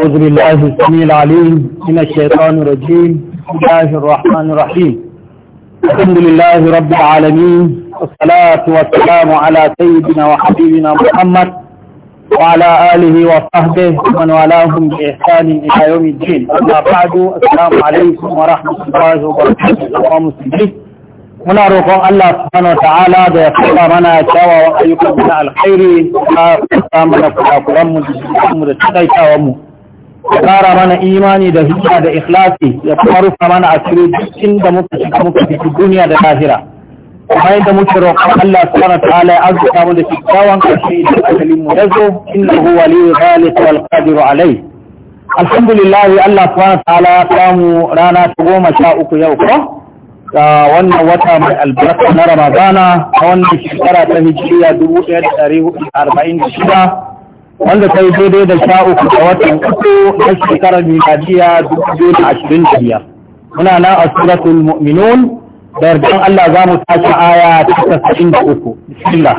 أعوذ بالله السميع العليم من الشيطان الرجيم بسم الله الرحمن الرحيم الحمد لله رب العالمين والصلاة والسلام على سيدنا وحبيبنا محمد وعلى آله وصحبه ومن والاهم بإحسان إلى يوم الدين أما بعد السلام عليكم ورحمة الله وبركاته ومسلمين muna roƙon Allah subhanahu ta'ala da ya fara mana kyawawan ayyukan na alkhairi da ta mana kurakuran mu da mu da takaitawa mu ya mana imani da hijira da ikhlasi ya kuma rufa mana asiri cikin da muka shiga muka fiti duniya da lahira kuma yadda muke roƙon Allah subhanahu wa ta'ala ya arzuta mu da kyakkyawan ƙarshe idan ajalin mu yazo innahu waliyyu dhalika wal qadiru alai. alhamdulillah Allah subhanahu wa ta'ala ya samu rana ta goma sha uku yau ko ga wannan wata mai albarka na Ramadana a wannan shekara ta hijiriya dubu ɗaya da ɗari hudu da arba'in da shida wanda ta yi daidai da sha uku a watan uku na shekarar miladiya dubu da ashirin da biyar muna nan a suratul mu'minun da yardan Allah za mu tashi aya ta tasa'in da uku bismillah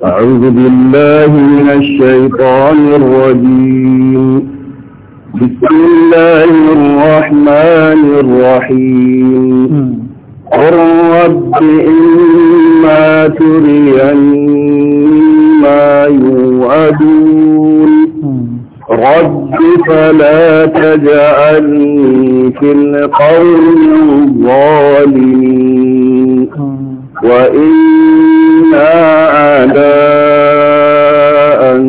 أعوذ بالله من الشيطان الرجيم بسم الله الرحمن الرحيم قل رب إما تريني ما يوعدون رب فلا تجعلني في القوم الظالمين وإنا على أن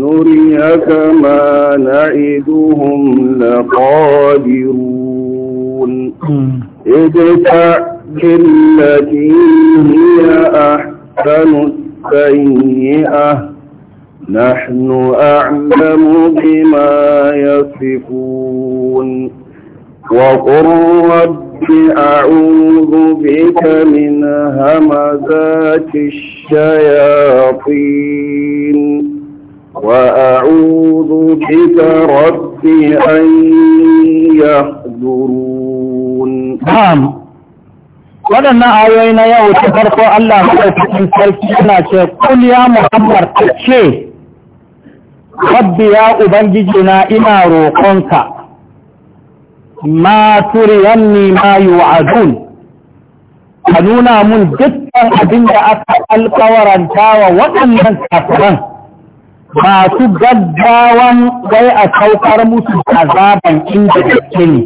نريك ما نعدهم لقادرون ادفع بالتي هي أحسن السيئة نحن أعلم بما يصفون وقل رب أعوذ بك من همزات الشياطين وأعوذ بك رب أن يحضرون نعم waɗannan ayoyi na yau ta farko Allah maɗaukakin sarki yana ce kun ya Muhammad ta ce rabbi ya ubangiji na ina roƙonka ma turiyanni ma yu'adun ka nuna mun dukkan abin da aka alkawaranta wa waɗannan kafiran masu gaggawan wai a saukar musu azaban inda gaske ne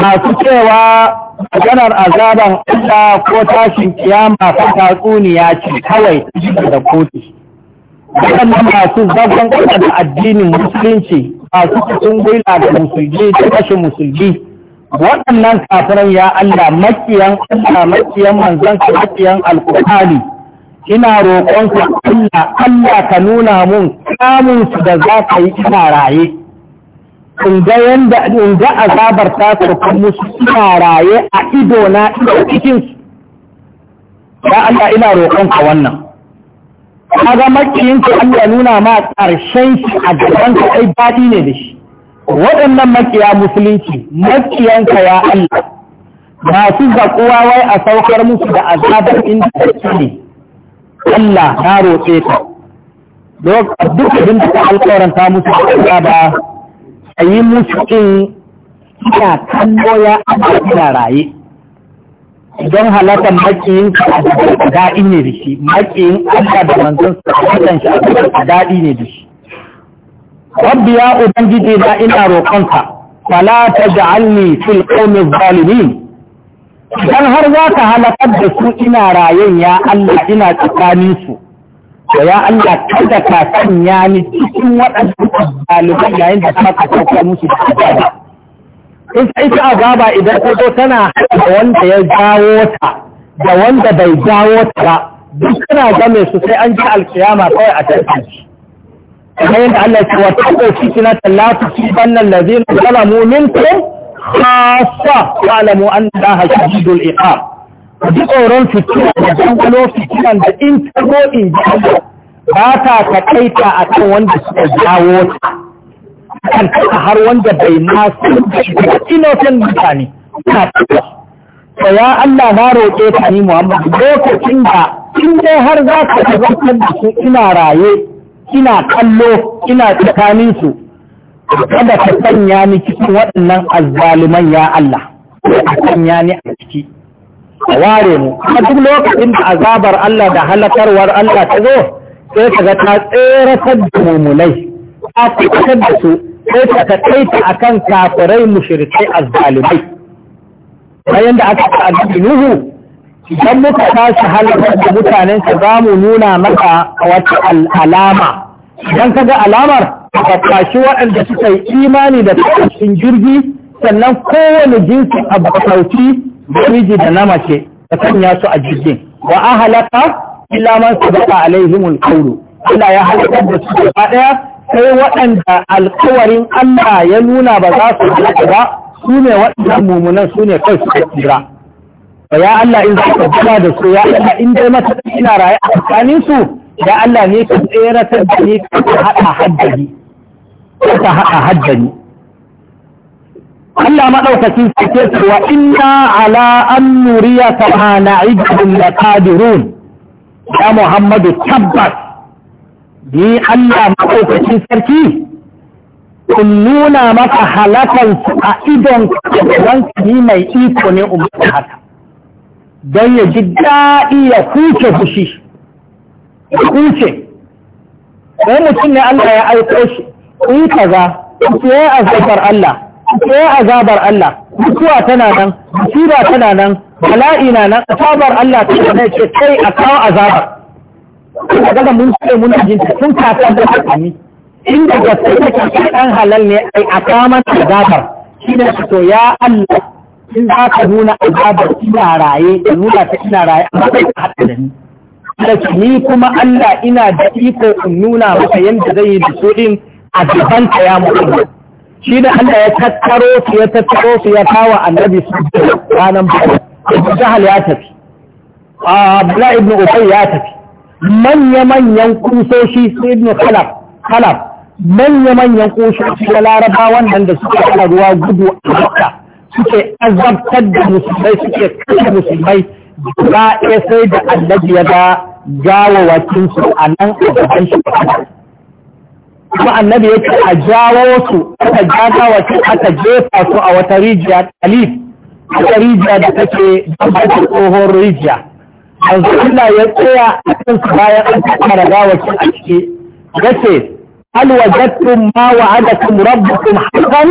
masu cewa maganar azaban Allah ko tashin kiyama ta tatsuniya ce kawai da kotu. Waɗannan masu zagon ƙasa da addinin musulunci masu cikin gwila da musulgi da kashe musulmi. Waɗannan kafiran ya Allah makiyan Allah makiyan manzon ka makiyan alƙur'ani. Ina roƙonka Allah Allah ka nuna mun kamun su da za ka yi ina raye. in ga yanda in ga azabar ta saukan musu suna raye a ido na ido cikin su ya Allah ina roƙon ka wannan ga makiyin ka Allah nuna ma ƙarshen shi a gaban ka kai baɗi ne da shi waɗannan makiya musulunci makiyan ka ya Allah masu zaƙuwa wai a saukar musu da azabar inda ta ne Allah na roƙe ka duk abin da ta alƙawarin ta musu da ba a yi mutu in ina kallo ya ina raye don halatar makiyin a daɗi ne da shi makiyin Allah da manzon sa shi a daɗi ne da shi rabbi ya ubangiji na ina roƙonka fala taj'alni fil qawmi zalimin dan har za ka halakar da su ina rayen ya Allah ina tsakanin su da ya Allah kada ka sanya ni cikin waɗannan ɗaliban yayin da kuma ka sauka musu da azaba in sai ta azaba idan ta zo tana da wanda ya jawo ta da wanda bai jawo ta ba duk kana game su sai an ji alkiyama kawai a tantance kamar yadda Allah ya ce wa taqu fitna la tusibanna allazina zalamu minkum khassa wa'lamu an allaha shadidul iqab a ji tsoron fitina da dangano fitinan da in ta in ji ba ta takaita a kan wanda suka jawo ta kan kasa har wanda bai nasu da ita inotin mutane ta taka to ya Allah na roƙe ta ni Muhammadu lokacin da in dai har za ka tabbatar da su ina raye ina kallo ina tsakanin su kada ka sanya ni cikin waɗannan azzaluman ya Allah ka sanya ni a ciki a ware mu a duk lokacin da azabar Allah da halakarwar Allah ta zo sai ka ga ta tseratar da mumulai ta fitar da su sai ta ka taita a kan kafirai a azzalimai bayan da aka ta nuhu idan muka tashi halakar da mutanen ka za mu nuna maka wata alama idan ka ga alamar ka kwashi waɗanda suka yi imani da cikin jirgi sannan kowane jinsi abu sauki namiji da na mace ka sanya su a jirgin wa a halaka illa man su baka alaihimul kauru Allah ya halaka da su gaba daya sai waɗanda alkawarin Allah ya nuna ba za su halaka ba su ne waɗannan mumunan su ne kai suka tsira ba ya Allah in za ka kula da su ya Allah in dai mata ina raye a tsakanin su ya Allah ne ka tseratar da ni ka haɗa haddani haɗa haddani Allah maɗaukacin sake cewa inna ala an nuriya ta hana idin da kadirun ya Muhammadu tabbas ni Allah maɗaukacin sarki kun nuna maka su a idon kasuwan ni mai iko ne umarta haka don ya ji daɗi ya kuce fushi ya kuce don mutum ne Allah ya aiko shi in kaza ya yi azabar Allah sai azabar Allah mutuwa tana nan musiba tana nan bala'i na nan azabar Allah tana nan ce kai a kawo azabar daga mun ce mun jin sun kafin da hakimi inda ga sai take dan halal ne ai a kawo azabar shine to ya Allah in za ka nuna azabar ina raye da nuna ta ina raye amma kai ka haɗa da ni da ni kuma Allah ina da iko in nuna maka yanda zai yi da su din a gaban ta ya mutu shi da Allah ya tattaro su ya tattaro su ya kawo annabi su ranar bayan jahal ya tafi abdullahi ibn ubay ya tafi manya-manyan kusoshi su ibn khalaf khalaf manya-manyan kusoshi da laraba wannan da suke kala gudu a makka suke azabtar da musulmai suke kashe musulmai ba sai da annabi ya ga gawawakin su a nan a gaban shi kuma annabi ya ce a jawo su aka jaga su aka jefa su a wata rijiya alif wata rijiya da take bambanta tsohon rijiya yanzu Allah ya tsaya a kan su bayan an taɓa raga wacce a ciki ya ce hal wajadtum ma wa'adakum rabbukum haqqan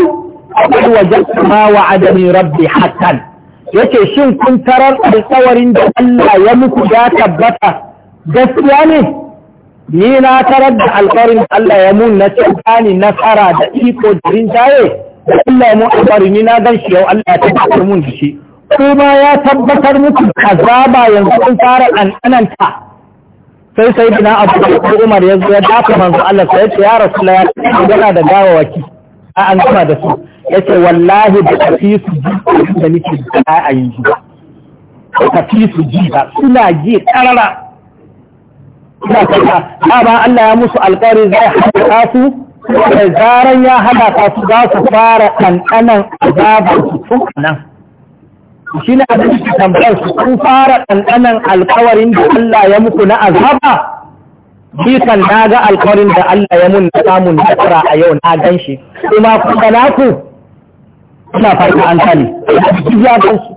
hal wajadtum ma wa'adani rabbi haqqan yace shin kun tarar alƙawarin da Allah ya muku ya tabbata gaskiya ne ni na tarar da alfarin Allah ya mun na tsakani nasara da iko da rinjaye da Allah ya mun alfari ni na gan shi yau Allah ya tabbatar mun da shi kuma ya tabbatar muku azaba yanzu in fara anananta sai sai bina abu da Umar ya zo ya dafa manzo Allah sai ya ce ya Rasulullah yana da gawawaki a an gama da su yace wallahi da kafi su ji da nake da a yanzu kafi su ji ba suna ji karara suna kasa dama Allah ya musu alƙawarin zai haɗa su da zaran ya haɗa su za su fara ɗanɗanan azabar su tun nan shi ne abin da tambayar su kun fara ɗanɗanan alƙawarin da Allah ya muku na azaba kan na ga alƙawarin da Allah ya mun na samun nasara a yau na gan shi kuma kun ga ku? ina farka an kane ya gan su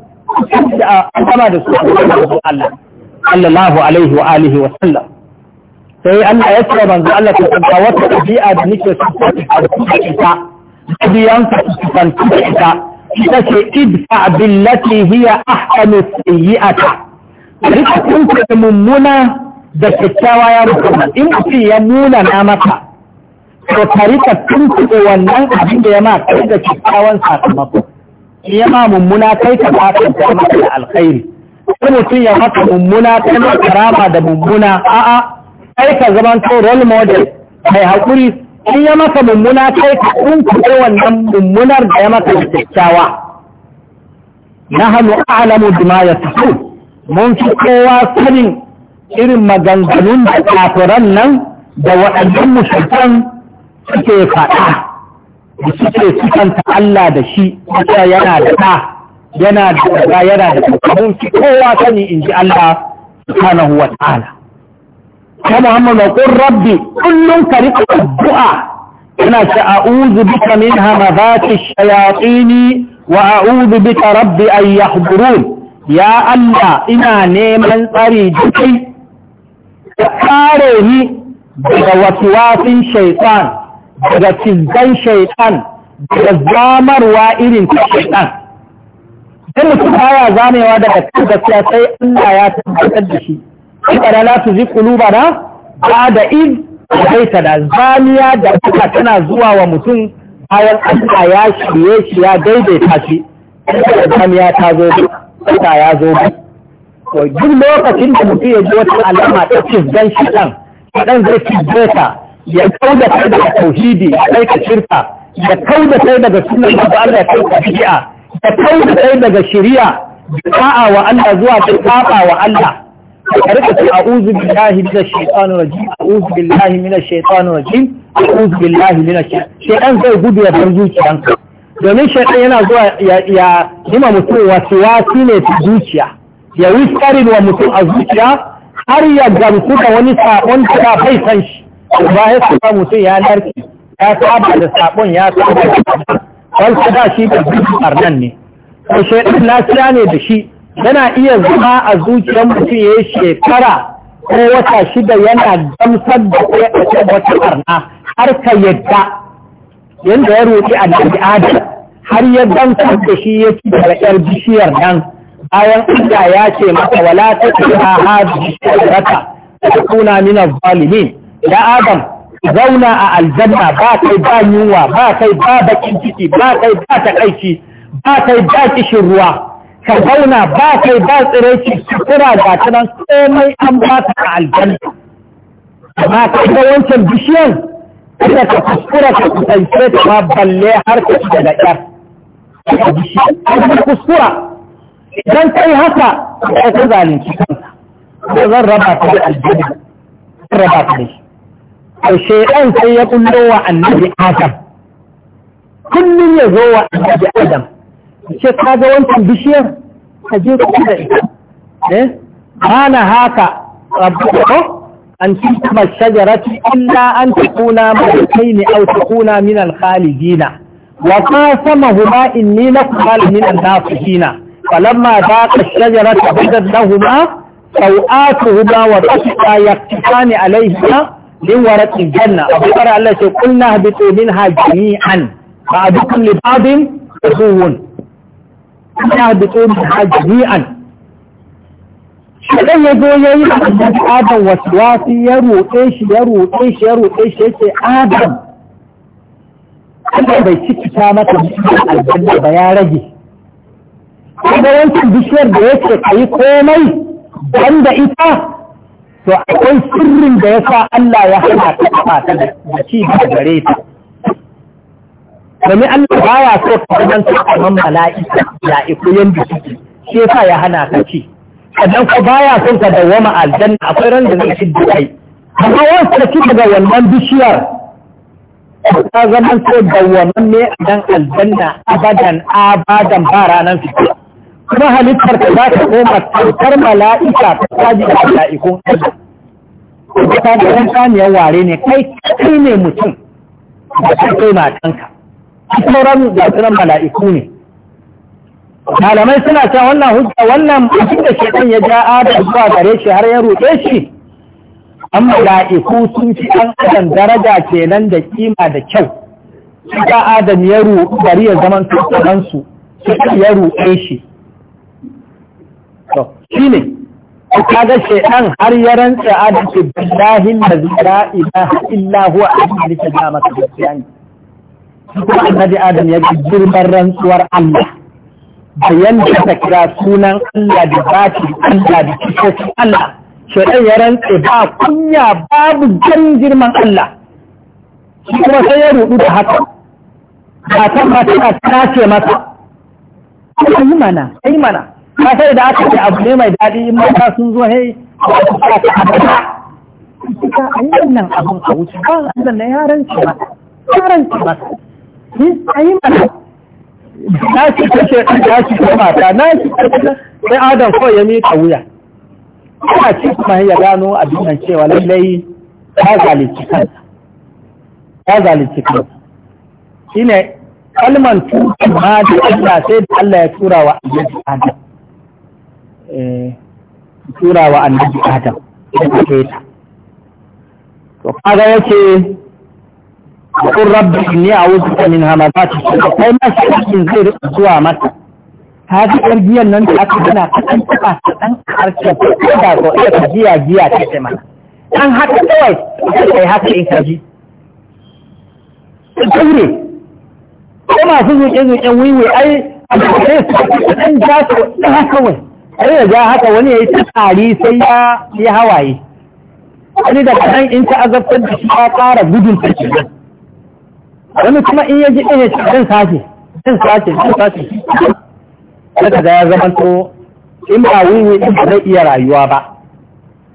an gama da su Allah sallallahu alaihi wa alihi wa sallam sai Allah ya ce manzo Allah ta tsanta wata ɗabi'a da nake son ta tsanta ita ɗabi'ansa ta tsanta ita ita ce idfa billati hiya ahsanu sayyi'ata rika kunta mummuna da kyakkyawa ya mutu in mutum ya muna na maka to ka rika tuntuɓe wannan abin da ya ma kai da kyakkyawan sakamako ya ma mummuna kai ka fatan ta maka alkhairi sai mutum ya maka mummuna kai ma karama da mummuna a'a kai ka zama to role model mai haƙuri in ya maka mummuna kai ka tunkuɗe wannan mummunar da ya maka kyakkyawa nahnu a'lamu bima yasifun mun fi kowa sanin irin maganganun da kafiran nan da waɗannan musulman suke faɗa da suke sukanta Allah da shi wata yana da ɗa yana da ɗa yana da ɗa mun fi kowa sani in ji Allah subhanahu wa ta'ala ya Muhammadu kun rabbi kullum ka rika addu'a ina ce a'udhu bika min hamazati shayatin wa a'udhu bika rabbi an yahdurun ya Allah ina neman tsari dukai ka kare ni daga wasuwasin shaitan daga cizgan shaiɗan, daga zamarwa irin ta shaitan sai mutum baya zamewa daga gaskiya sai Allah ya tabbatar da shi kada la tuzi a da id da zaniya da kuka tana zuwa wa mutum bayan Allah ya shirye shi ya daidaita shi zaniya ta zo ta ya zo to duk lokacin da mutum ya ji wata alama ta zan shi dan dan zai ci ta ya kauda kai daga tauhidi ya kai ka shirka ya kauda kai daga sunan da Allah ya ya kauda kai daga shari'a ta'a wa Allah zuwa ta ga wa Allah karka a'udhu billahi minash shaitanir rajim a'udhu billahi minash shaitanir rajim a'udhu billahi minash shaitan zai gudu ya bar zuciyanka domin shaitan yana zuwa ya nima mutum wasiwasi ne su zuciya ya wiskarin wa mutum a zuciya har ya gamsu da wani sabon da bai san shi ba ya mutum ya narki ya saba da sabon ya saba da sabon wani da shi da zuciyar nan ne ko shaitan ne da shi yana iya zama a zuciyar mutum ya yi shekara ko wata shida yana gamsar da kai a wata barna har ka yadda yadda ya roƙi a adam har ya damsar da shi ya ci da yar bishiyar nan bayan inda ya ce masa wala ta ha ha bishiyar ta kuna min adam zauna a aljanna ba kai ba yunwa ba kai ba bakin ciki ba kai ba takaici ba kai ba kishin ruwa ka zauna ba kai ba tsiraici sutura ga ta nan komai an ba ta a aljanna amma ka ga wancan bishiyan kada ka kuskura ka kusance ta ma balle har ka ci daga ƴar ka kuskura idan kai haka ka ka zalunci kanka ko zan raba ta da aljanna zan raba ta da shi to shaydan sai ya kullo wa annabi adam kullum ya zo wa annabi adam الشيخ هذا وانت بشير حجيت كده ايه انا هاكا ربك ان تنتم الشجرة الا ان تكونا مرتين او تكونا من الخالدين وقاسمهما اني نقبل من الناصحين فلما ذاق الشجرة بدت لهما سوآتهما وطفقا يقتفان عليهما من ورق الجنة أبقر الله قلنا اهبطوا منها جميعا بعد كل لبعض عدو ana da tsohon hajji'an shaɗan ya zo ya yi a adam wasu wasu ya roƙe shi ya roƙe shi ya roƙe shi ya adam Allah bai cikita mata aljanna ba ya rage kuma wancan bishiyar da yake kayi komai ban da ita to akwai sirrin da yasa Allah ya hana ta ta da ci da gare ta domin Allah baya so ka zan ka kaman mala'ika ya iko yanda suke shi yasa ya hana ka ce sannan ko baya son ka dawwama aljanna akwai ran da zai da kai amma wasu ka kika ga wannan bishiyar Ka zama so dawwaman ne a dan aljanna abadan abadan ba ranar fito kuma halittar ka za ta koma tautar mala'ika ta kaji da mala'ikun Allah ta da ɗan ware ne kai kai ne mutum ta kai matanka sauran gasunan mala'iku ne malamai suna ta wannan hujja wannan mutum da shaitan ya ja adam zuwa gare shi har ya ruɗe shi an mala'iku sun fi an adam daraja kenan da kima da kyau su ga adam ya ruɗu gari ya zaman su ya ruɗe shi shi ne kaga shaitan har ya rantsa adam ke billahi la ilaha illa huwa a cikin da maka gaskiya ne kuma annabi adam ya ji girman rantsuwar Allah da yanda ta kira sunan Allah da batin Allah da kisoshin Allah shaidan ya rantse ba kunya babu jan girman Allah shi kuma sai ya rudu da haka matan ba tana tace masa yi mana yi mana ka sai da aka ce abu ne mai daɗi in mata sun zo hei a ta abada ka yi wannan abin a wuce ba a ne ya rantse masa ya rantse masa yi mana na shi kashe na shi kamata na shi kashe sai adam kawai ya miƙa wuya ina ci kuma ya gano abin nan cewa lallai ta zalici kansa ta zalici kansa ne kalman tutu ma da Allah sai da Allah ya tura wa annabi Adam eh tura wa annabi Adam ya ta to kaga yace kun rabbi a wasu min hamadatu kai masu shi zai zuwa mata ta ji ƙargiyar nan da aka gina ta ɗan taɓa ta ɗan harshe ko da ko ita ta jiya jiya ta ce mana ɗan haka kawai ta kai haka in ka ji ɗaure ko masu zuƙe-zuƙen wiwi ai a su ɗan ja su ɗan haka wai ai da ja haka wani ya yi ta tsari sai ya hawaye wani da kaɗan in ta azabtar da shi ya ƙara gudun ta kenan wani kuma in yaji ji ɗaya ce zan sace zan sace zan sace daga da ya zama to in ba wiwi ɗin ba zai iya rayuwa ba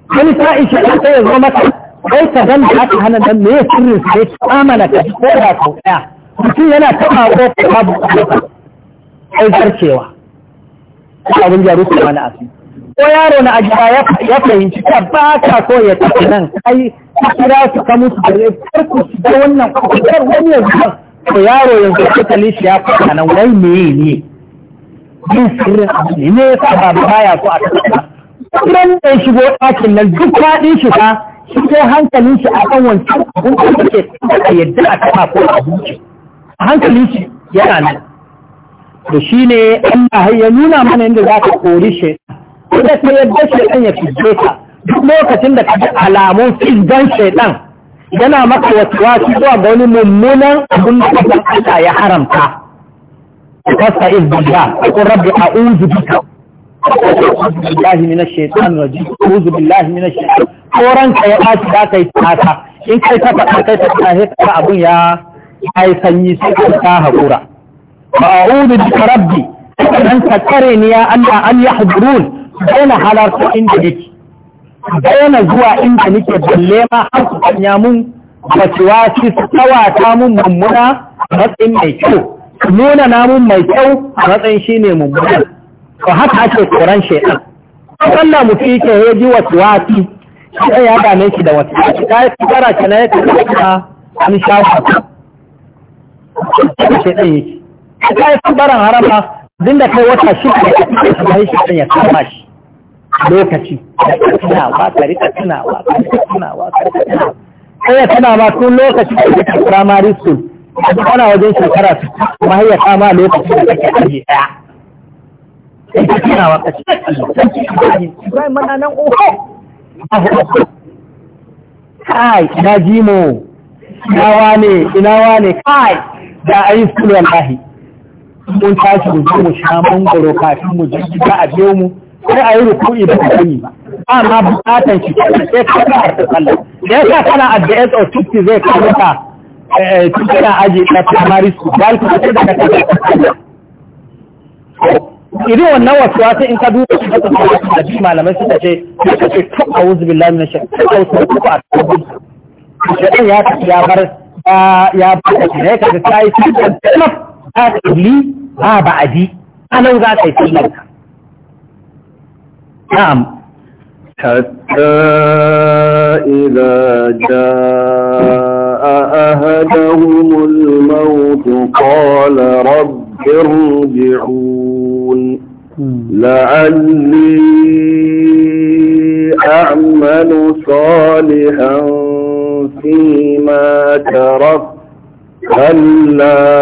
wani saishi shi ɗan sai ya zama mata kai ka zan da aka hana dan me sirrin sai amana ka ko da ko ɗaya mutum yana taɓa ko babu kai zarcewa abin jaru kuma mana asiri ko yaro na ajiya ya fahimci ta ba ka so ya tafi nan kai ka kira su ka musu da kar ku da wannan kar wani yanzu ko yaro yanzu ka kalli shi ya fara wai me ne yin sirrin abu ne ya yasa baba baya so a tafi kullum da ya shigo ɗakin nan duk faɗin shi fa shi ko hankalin shi a kan wancan abin da ke a yadda a taɓa ko abinci hankalin shi yana nan da shi ne Allah ya nuna mana yadda za ka kori shi. kuma ta yadda ya fije ka duk lokacin da ka ji alamun fizgan shaidan yana maka wasuwasu zuwa ga wani mummunan abin da ya haramta wasta izbillah kun rabbi a'udhu bika billahi koran ka ya baci da yi tsaka in kai ta faɗa kai ta tsahe ka abun ya ai sanyi sai ka ta hakura bika rabbi dan ka tsare ni ya Allah an yahdurun daina halarta inda nake daina zuwa inda nake balle ma har su kanya mun bacewa ci su tsawata mun mummuna a matsayin mai kyau su nuna namun mai kyau a matsayin shi ne mummuna to haka ake tsoron shaidan Allah mutu yake yaji wasu wasi sai ya dame shi da wasu wasu. ta yi tsara na ya tsara an sha shi shaidan yake ta yi tsara harama duk da kai wata shi ne a cikin shi ya kama shi lokaci da ka tunawa ka rika tunawa ka rika tunawa ka rika tunawa sai ya tana ma tun lokaci da kake primary school Kuma kana wajen shekara su. kuma har ya kama lokaci da kake aji daya sai ka tunawa ka ci Ibrahim mana nan oho kai ina jimo ina wane ina wane kai da ayi school wallahi mun tashi mu je mu sha mangoro kafin mu je gida a biyo mu sai a yi rukuni da kusuri ba amma bukatan shi sai ka ga arzikin Allah. da yasa kana at the age of 50 zai ka a cikin aji na primary school ba ka sai da ka idan wannan wasu wata in ka duba shi ka tsaya da malamai suka ce suka ce to a'udhu billahi minash shaitanir rajim ko a tabbata shaitan ya ya bar ya bar ka ne ka ga sai shi da tsaf ta tabli ba ba'adi anan za ta yi sallar نعم حتى إذا جاء أهدهم الموت قال رب ارجعون لعلي أعمل صالحا فيما ترك كلا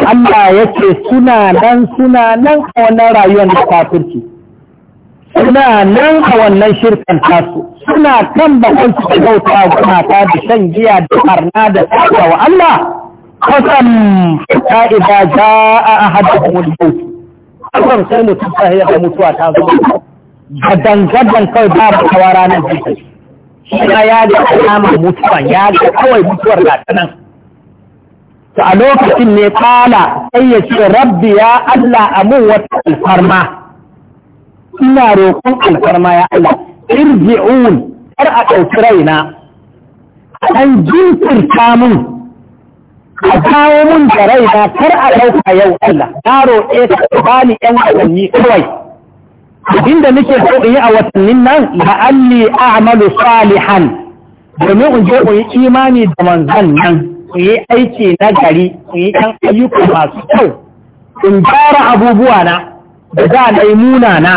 Allah ya ce suna nan suna nan a wannan rayuwar da kafirci suna nan a wannan shirkan tasu suna kan bakon su da bauta gumata da shan giya da harna da tsaka wa Allah kasan ta ida za a da wani bauti kwasan sai mutum ta hiyar mutuwa ta zo ga dangadan kawai babu kawara ranar jikin shi ya ga alama mutuwa ya ga kawai mutuwar latinan to a lokacin ne kala sai ya ce rabbi ya Allah amu wata alfarma ina roƙon alfarma ya Allah irji'un kar a ɗauki raina An ɗan jinkirta mun a kawo mun da raina kar a ɗauka yau Allah na roƙe ka ni ƴan watanni kawai da nake so in a watannin nan la'alli a'malu salihan domin in je in yi imani da manzon nan ku yi aiki na gari ku yi ɗan ayyuka masu kyau in gyara abubuwa na da za na yi muna na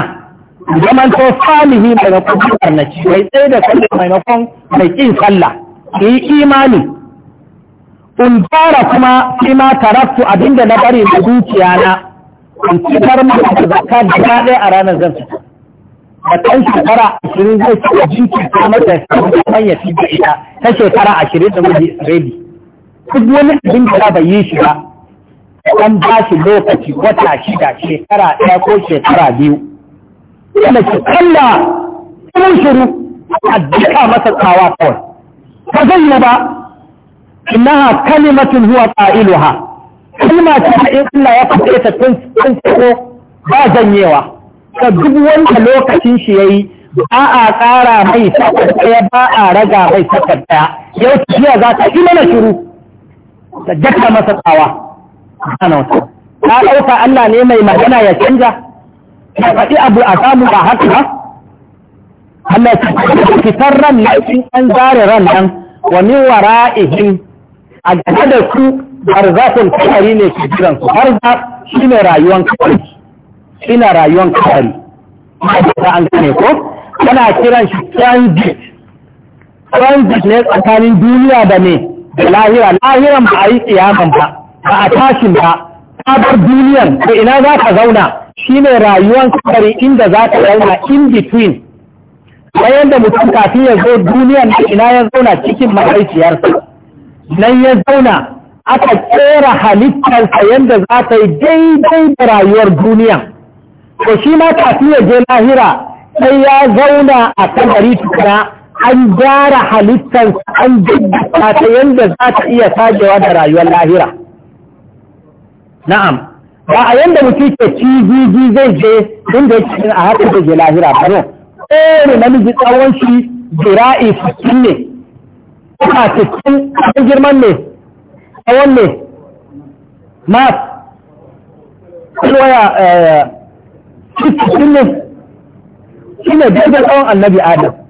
zaman to salihi maimakon makarnaci mai tsaye da sallah maimakon mai ƙin sallah ku yi imani in gyara kuma shi ma taraftu abinda na bari da dukiya na in fitar masa da zakka da ɗaya a ranar zan fita da ɗan shekara ashirin zai ci abinci ta mata ya fi ita ta shekara ashirin da miji ready duk wani abin da ba yi shi ba an ba shi lokaci wata shida shekara ɗaya ko shekara biyu yana ce kalla kuma shiru a duka masa tsawa kawai ba zai yi ba innaha kalimatun huwa qailuha kalma ce in Allah ya faɗe ta tun tsako ba yawa. ka duk wanda lokacin shi yayi ba a ƙara mai sakar ɗaya ba a raga mai sakar ɗaya yau tafiya za ta yi mana shiru ka daka masa tsawa subhanahu wataala ka ɗauka Allah ne mai magana ya canja ya faɗi abu a samu ba haka ba Allah ya fitar ran nan in an zare ran nan wa min wara'ihim a gaba da su barzakun kafari ne ke jiran su barzak shine rayuwan kafari shine rayuwan kafari ba an gane ko kana kiran shi transit transit ne tsakanin duniya da ne da lahira lahiran ba a yi kiyaman ba ba a tashin ba ta bar duniyan ko ina za ka zauna shine rayuwan kabari inda za ka zauna in between bayan da mutum kafin ya zo duniyan da ina ya zauna cikin mahaifiyarsa nan ya zauna aka tsera halittarsa yadda za ta yi daidai da rayuwar duniya to shi ma kafin ya je lahira sai ya zauna a gari tukuna an gyara halittar an jirgin ta yadda za ta iya sajewa da rayuwar lahira na'am ba a yadda mutum ke cigigi zai je inda yake a haka da ke lahira ba ne kowane namiji tsawon shi jira'i sittin ne kuma sittin kan girman ne tsawon ne mas kalwaya eh, sittin ne shi ne daidai tsawon annabi adam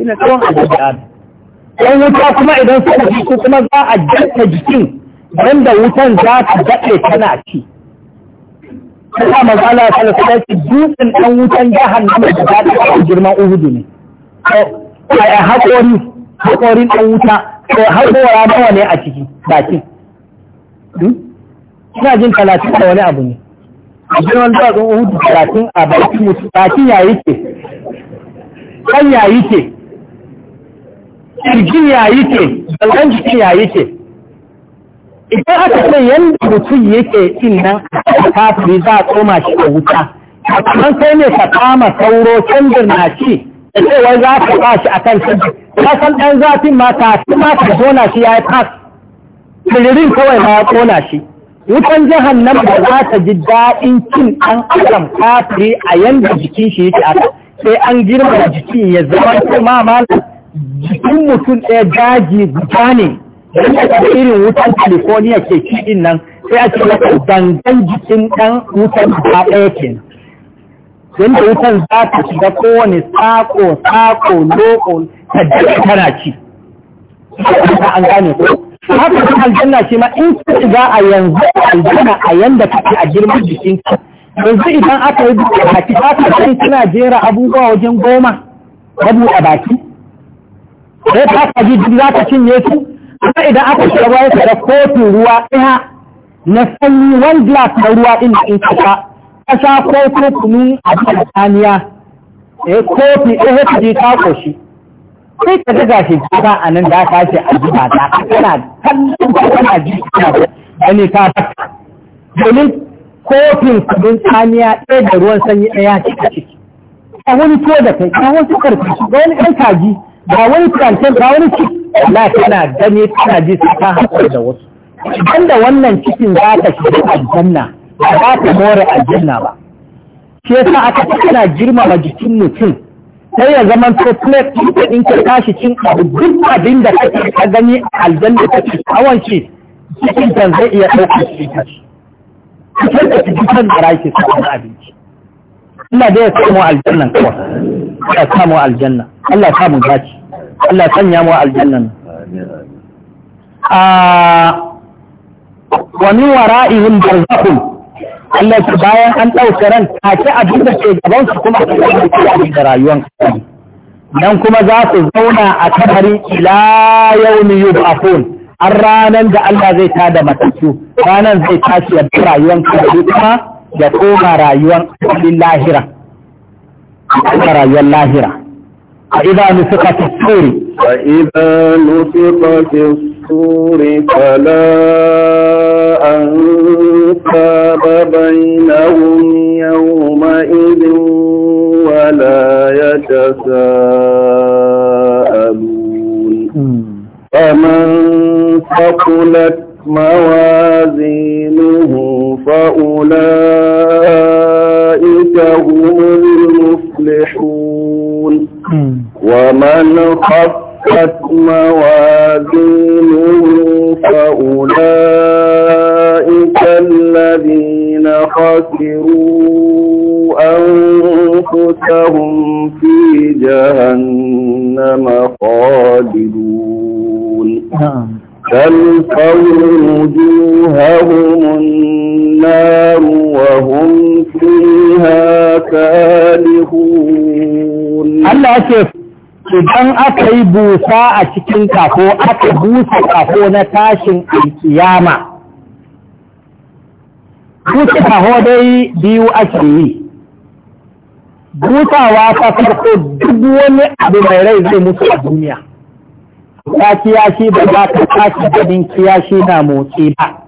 ina tsawon ajiyar ɗan wuta kuma idan suka ji ko kuma za a janta jikin wanda wutan za ta daɗe tana ci kuma mazala ta lafi ce dutsen ɗan wutan jahannama da za ta kawo girman uhudu ne a haƙori haƙorin ɗan wuta ko haƙora nawa ne a ciki baki? Hmm? ina jin talatin da wani abu ne a girman duwatsun uhudu talatin a baki mutu bakin yayi ke kan yayi ke jirgin ya ke galgan jikin ya yake idan aka ce yadda mutum yake cin nan a kafin za a koma shi a wuta kamar kai ne ka kama sauro canjir na ci da cewa za ka ba shi a kan canjir san ɗan zafin ma ta fi ma ka zona shi ya yi fas bilirin kawai ma ya kona shi wutan jihar nan ba za ta ji daɗin cin ɗan adam kafiri a yanda jikin shi yake aka sai an girma jikin ya zama kuma malam jikin mutum ɗaya daji guda ne da irin wutan california ke cikin nan sai a ce wata gangan jikin ɗan wutan guda ɗaya ke yadda wutan za ta shiga kowane sako sako loko ta daga tana ci an gane ko haka ta aljanna ce ma in ka shiga a yanzu aljanna a yanda kake a girman jikinka yanzu idan aka yi baki za ka san suna jera abubuwa wajen goma babu a baki sai ta kaji duk za ka cinye su amma idan aka shiga ruwa yake da kofin ruwa ɗaya na sanyi one glass na ruwa ɗin da in ka sha ka sha kofin kunu a Birtaniya eh kofi ɗaya haka ji ta ƙoshi sai ka ga gashi gaba a nan da ka ce a ji ba ta kana kallon ka kana ji kana da ne ka fata domin kofin kudin tsamiya ɗaya da ruwan sanyi ɗaya cika ciki a wani ko da kai a wasu karfi ga wani ɗan kaji ba wani kantin ba wani ciki Allah tana gani tana ji ta haƙar da wasu idan da wannan cikin za ta shiga aljanna ba za ta more aljanna ba shi yasa aka ci tana girmama jikin mutum sai ya zama to plate ɗin in ka tashi cin abu duk abin da kake ka gani aljanna ci kawon shi cikin zai iya ɗaukar shi ta ci. Kusan da cikin kan da abinci. Allah da ya samu aljanna kawai Allah samu aljanna Allah samu dace Allah sanya mu aljanna a wa min da barzakhun Allah su bayan an ɗauke ran take abin da ke gaban su kuma da rayuwan kai dan kuma za su zauna a kabari ila yawmi yub'athun an ranan da Allah zai tada matattu ranan zai tashi da rayuwan kai kuma ya koma rayuwar kwallin lahira kuma rayuwar فإذا نفق في فإذا نفق في فلا أنساب بينهم يومئذ ولا يتساءلون فمن ثقلت موازينه فأولئك هم المفلحون ومن خفت موازينه فأولئك الذين خسروا أنفسهم في جهنم خالدون تلقوا نعم. وجوههم النار وهم فيها كالهون الله يكفي idan aka yi busa a cikin kafo aka busa kafo na tashin alkiyama busa kafo dai biyu ake yi busawa ta farko duk wani abu mai rai zai mutu a duniya ta kiyashi ba za ta tashi gabin kiyashi na motsi ba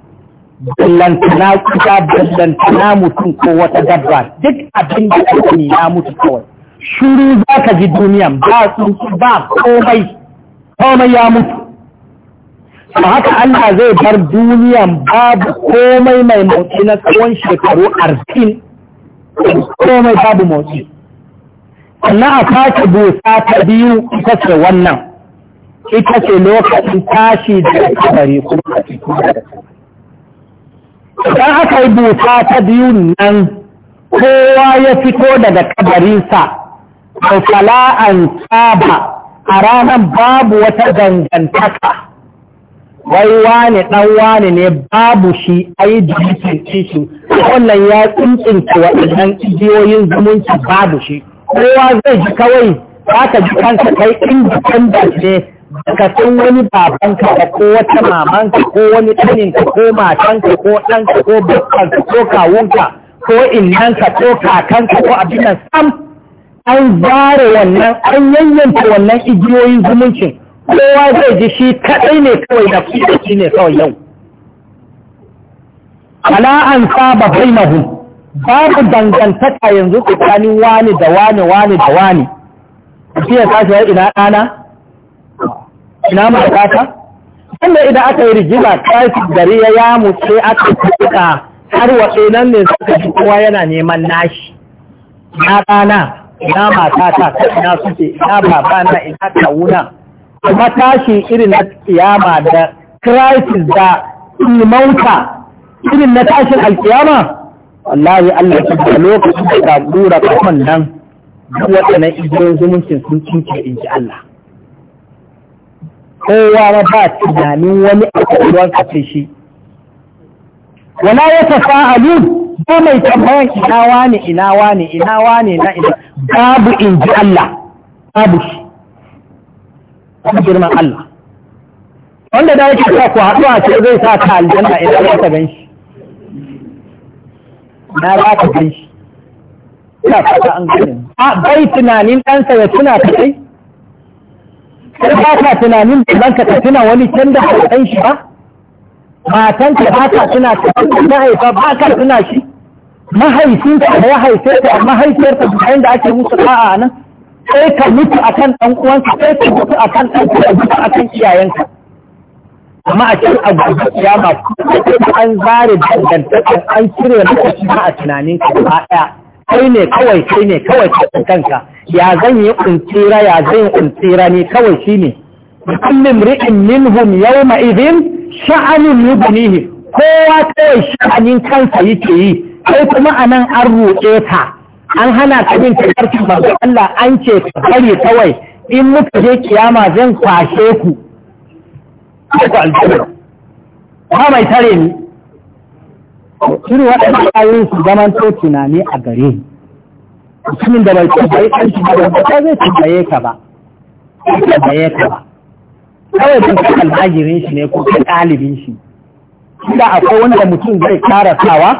ballantana kuka mutum ko wata dabba duk abin da kake ya mutu kawai shuru za ka ji duniyan ba tsuntsu ba komai komai ya mutu ba haka Allah zai bar duniyan babu komai mai motsi na tsawon shekaru arzikin komai babu motsi sannan a kace dosa ta biyu ita ce wannan ita ce lokacin tashi da kabari kuma a cikin da da aka yi buta ta biyun nan kowa ya fito daga kabarinsa da fala'an tsaba a ranar babu wata dangantaka wai wane ɗan ne babu shi a yi jirgin shi wannan ya tsuntsunta waɗannan igiyoyin zumunci babu shi kowa zai ji kawai za ka ji kanka kai independent ne ka san wani babanka da ko wata mamanka ko wani ɗaninka ko matanka ko ɗanka ko bakkanka ko kawunka ko innanka ko kakanka ko abin nan sam an zare wannan an yayyanta wannan igiyoyin zumuncin kowa zai ji shi kaɗai ne kawai da shi ne kawai yau ala an saba bainahum babu dangantaka yanzu tsakanin wani da wani wani da wani shi ya ina ɗana ina matata wanda idan aka yi rigima tashi gari ya yamu sai aka kuka har waɗo nan ne suka ji kowa yana neman nashi na ɗana ina matata ta ina suke ina babana ina kawuna kuma tashi irin na kiyama da crisis da ilmauta irin na tashin alkiyama wallahi Allah ya da lokacin da ka dura nan duk waɗannan igiyoyin zumuncin sun cinke in ji Allah kowa ma ba tunanin wani a kwakwalwar kafe shi wala ya a alun ba mai tambayan ina wane ina wane ina wane na ina babu in ji Allah babu shi babu girman Allah wanda da yake sa ku haɗu a ce zai sa ka aljanna ina za ka gan shi na za ka gan shi ina fata an gani a bai tunanin ɗansa ya tuna ta kai sai ba ka tunanin da zan ka tuna wani can da ba shi ba matan ka ba ka tuna ta haifa ba ka tuna shi mahaifin ka da ya haife ta mahaifiyar ta bayan da ake musu ba'a nan sai ka mutu akan dan uwanka sai ka mutu akan dan a kan iyayenka amma a cikin abubuwa kiyama an zare dangantakar an cire maka shi a tunanin ka ba ɗaya kai ne kawai kai ne kawai ka kanka ya zan yi kuntsira ya zan yi kuntsira ne kawai shi ne kullum ri'in minhum yawma idin sha'anin yubnihi kowa kawai sha'anin kansa yake yi kai kuma anan an roƙe ta an hana ka yin tafarkin manzo Allah an ce bari kawai in muka je kiyama zan kwashe ku ku aljanna ba mai tare ni waɗanda ayoyin su zamanto tunani a gare ni mutumin da bai tambaye kan shi ba ba zai tambaye ka ba tambaye ka ba kawai kan ka almajirin shi ne ko ka ɗalibin shi inda akwai wanda mutum zai kara sawa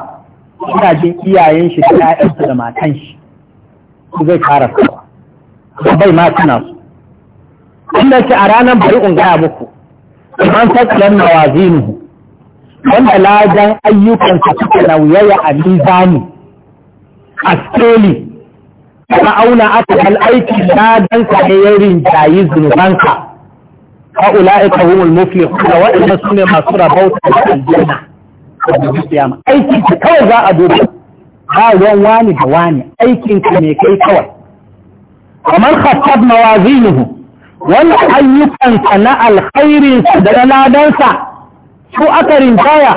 ina jin iyayen shi da ƴaƴansa da matan shi su zai kara sawa ba bai ma suna su Inda ce a ranar bari in gaya muku na fasalan mawazinuhu wanda lajan ayyukansa suka nauyaya a mizani a skeli ka auna aka hal aiki na danka ne ya rinjayi zunubanka fa ita humul muflihun da waɗanda su ne masu rabauta da aljanna Aiki ka kawai za a duba ba ruwan wani da wani aikin ka ne kai kawai kamar khattab mawazinuhu wanda ayyukansa na alkhairin sa da na ladansa su aka rinjaya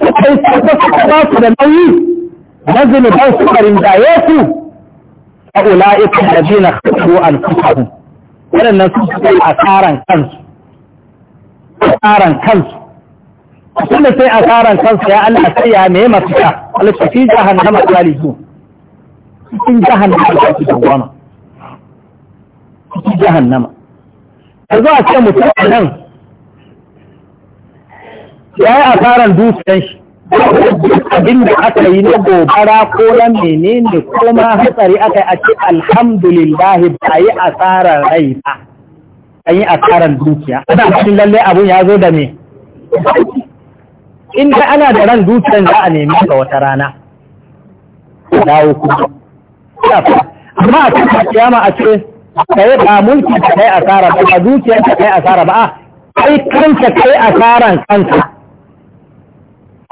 su kai su ba su da nauyi na zunuban su rinjaye su ƙa’ula’ikun ɗabina ko alfusahun waɗannan sun a tsaron kansu a sai a tsaron kansu ya ana tsaya mai mafita alfafi jahan na matsali su cikin jahan na matsali da goma cikin a ce mutum nan ya yi a tsaron dusiyan shi abin da aka yi na gobara ko na menene ko ma hatsari aka yi a ce alhamdulillahi ba yi asarar rai ba an yi asarar dukiya ana cikin lalle abun ya zo da me in ka ana da ran dukiyar za a nemi ka wata rana dawo kuma amma a cikin kiyama a ce Ka yi ba mulki ka kai asara ba dukiyar ka kai asara ba a kai kanka kai asaran kanka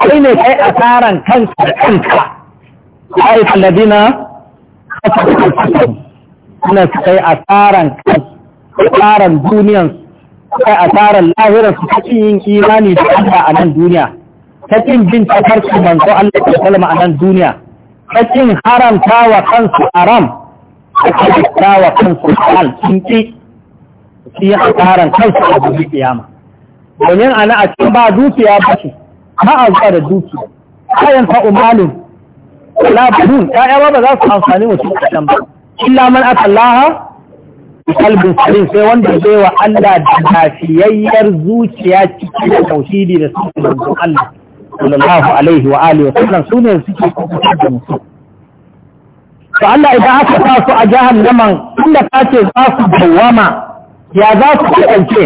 kai ne kai a tsaron kanka da kanka ai kasar suna su kai asaran a asaran duniyan kai tsaron lahirar su cikin yin imani da Allah a nan duniya cikin jin tafarki manzo Allah ta salama a nan duniya cikin haramta wa kansu haram ta wa kansu halal sun ki su yi tsaron kansu a gobe kiyama domin ana a cikin ba dukiya ba shi ba a zuwa da duki kayan ta umalin labarin Yaya ba za su amfani mutum kaɗan ba illa man aka laha kalbin sarin sai wanda zai wa Allah da lafiyayyar zuciya ciki da tauhidi da suke manzon Allah sallallahu alaihi wa alihi wa sallam su ne suke kuka da musu. to Allah idan aka sa su a jahannaman inda ka ce za su dawama ya za su kasance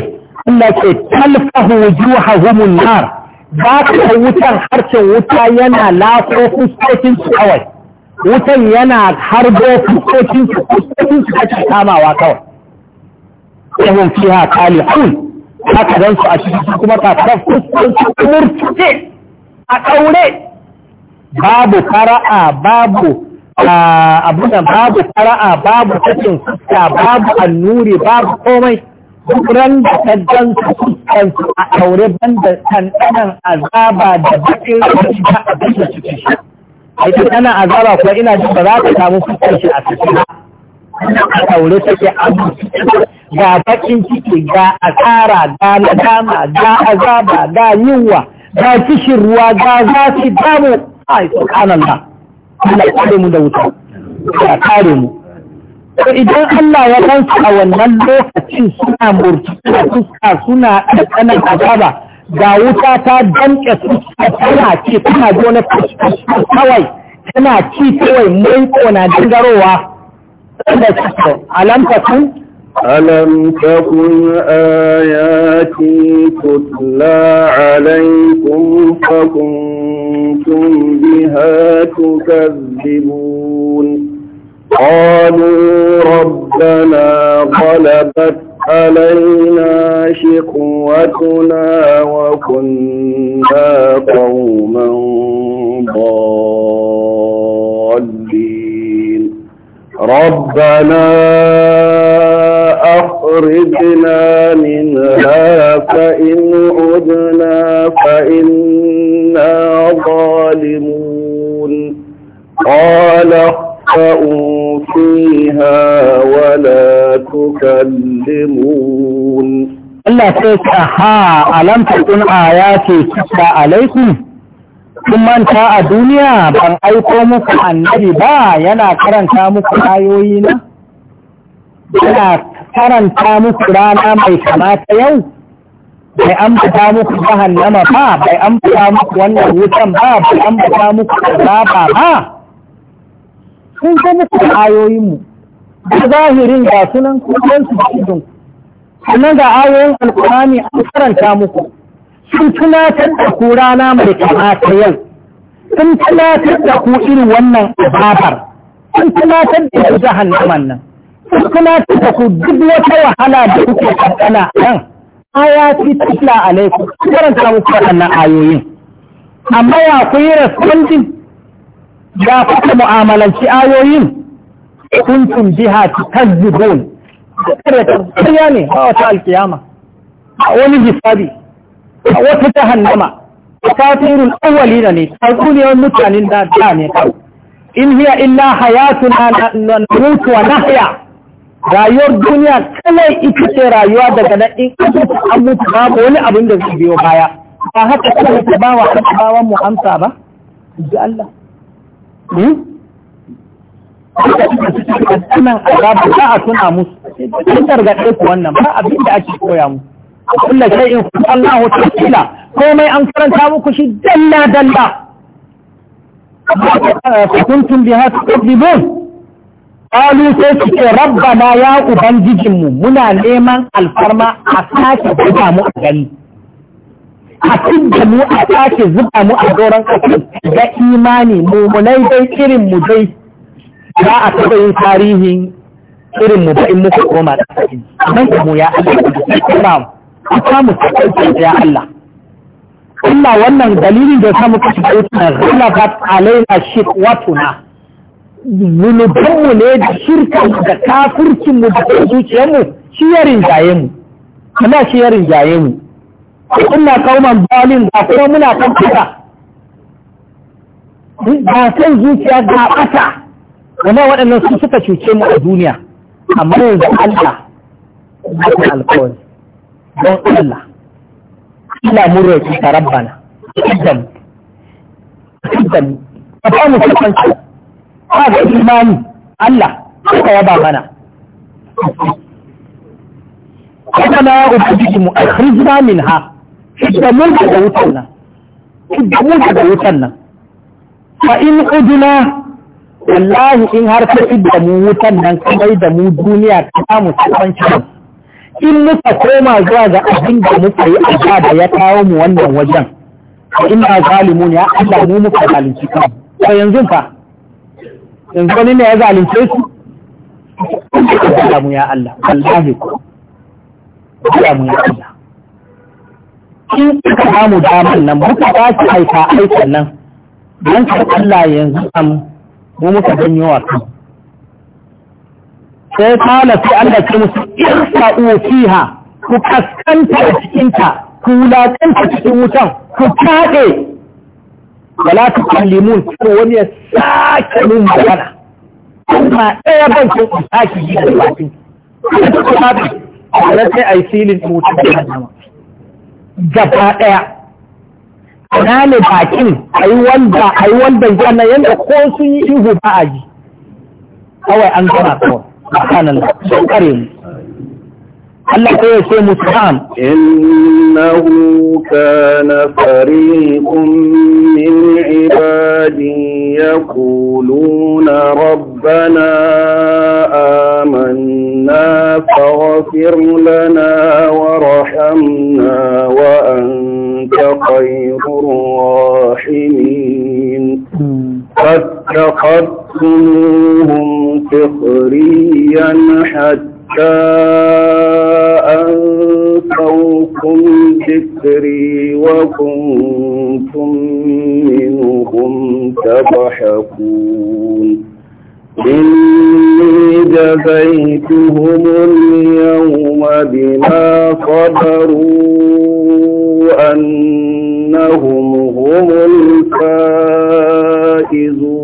Allah ce talfahu wujuhahum nar ba ka wutan harshen wuta yana lafo su kawai wutan yana harbo su. fuskokin su kacin kamawa kawai yawon fiha kalihun haka don su a cikin kuma su fuskokinsu murtuke a ɗaure babu fara'a babu abunan babu fara'a babu kacin fuska babu annuri babu komai ran da ta gansa fuskansu a aure ban da tantanan azaba da bakin da a abin da suke shi. Ai tantanan azaba kuwa ina ji ba za ta samu fuskar shi a ciki ba. A aure take abu ga bakin ciki ga asara ga nadama ga azaba ga yunwa ga kishin ruwa ga zafi damu. Ai subhanallah. Allah ya kare mu da wuta. Ya kare mu. idan Allah ya su a wannan lokacin suna murtuka fuska suna ɗanɗanan azaba ga wuta ta danƙe fuska tana ce tana gona fuska kawai tana ci kawai mai kona dangarowa da su alamta sun ألم تكن آياتي تتلى عليكم فكنتم بها تكذبون قالوا ربنا غلبت علينا شقوتنا وكنا قوما ضالين ربنا أخرجنا منها فإن عدنا فإنا ظالمون قال تسمعوا ولا تكلمون Allah sai ta ha alam takun ayati tutla alaikum kun manta a duniya ban aiko muku annabi ba yana karanta muku ayoyi na yana karanta muku rana mai kamata yau bai ambata muku jahannama ba bai ba muku wannan wutan ba bai ba muku azaba ba sun ga muku da ayoyinmu da zahirin ga sunan kuɗin su da idon sannan ga ayoyin alkurani an karanta muku sun tunatar da ku rana mai kamata yau sun tunatar da ku irin wannan abafar sun tunatar da ku jahannaman nan sun tunatar da ku duk wata wahala da kuke kankana nan ayati tatla alaikum karanta muku waɗannan ayoyin amma ya ku yi ya kuka mu'amalanci ayoyin kuntum biha tukazzibun ƙarya ne a wata alkiyama a wani hisabi a wata jahannama kafirin awwalina ne tsarkuniyar mutanen da da ne kawai in hiya illa hayatuna na mutu wa nahya rayuwar duniya kalai ita ce rayuwa daga na in an mutu babu wani abin da zai biyo baya ba haka kuma ta bawa ta mu amsa ba ji Allah Hmm? da suka ci wannan azabu za a suna musu sun gargaɗe ku wannan ba abin da ake koya mu kullu shay'in fa Allahu ta'ala komai an karanta muku shi dalla dalla fa kuntum biha tukazzibun Kalu sai su ce rabba na ya ubangijinmu muna neman alfarma a sake buga mu a gani. a fidda mu a sake zuba mu a doron ƙasar ga imani mummunai dai irin mu dai za a taɓa yin tarihin irin mu ba in muka koma da ƙasar nan da mu ya Allah a samu tsakanta ya Allah Allah wannan dalilin da samu kashi da na ralabat alaina shik watuna zunubanmu ne da shirkan da kafurkinmu da zuciyarmu shi yarin rinjaye mu kuma shi yarin rinjaye mu kunna kauman balin ba kuma muna kan kasa ba san zuciya ga ɓata wanda waɗannan su suka cuce mu a duniya amma yanzu Allah zai alkawari don Allah Allah mun roƙi ka rabbana idan idan ka ba mu cikin ka ba ga imani Allah ka yaba mana kana ubangiji mu akhrijna minha da mun da wutan nan da mun da wutan nan fa in udna wallahi in har ka idda mu wutan nan kai da mu duniya ta samu mu tsabanci in muka koma zuwa ga abin da muka yi a da ya kawo mu wannan wajen ina zalimun ya Allah mu muka zalunci kan to yanzu fa yanzu wani ne ya zalunce su Allah mu ya Allah wallahi ku Allah mu ya Allah in suka samu daman nan muka ba aika aikin nan don ka Allah yanzu am mu muka janyo wa kan sai kala fi Allah ce musu irsa'u fiha ku kaskanta a cikinta ku wulaƙanta cikin wutan ku kaɗe wala ta kallimun ko wani ya sake mun magana amma ɗaya ban ku sake yi da bakin kuma sai a yi filin mutum da hannama gaba ɗaya Na ne bakin a yi wanda gana yadda ko sun yi ihu ba a ji kawai an gana kawai a kanan sun kare mu الله كيف سيء متحان إنه كان فريق من عبادي يقولون ربنا آمنا فغفر لنا ورحمنا وأنت خير الراحمين فاتخذتموهم سخريا حتى أنسوكم ذكري وكنتم منهم تضحكون إني جزيتهم اليوم بما صبروا أنهم هم الفائزون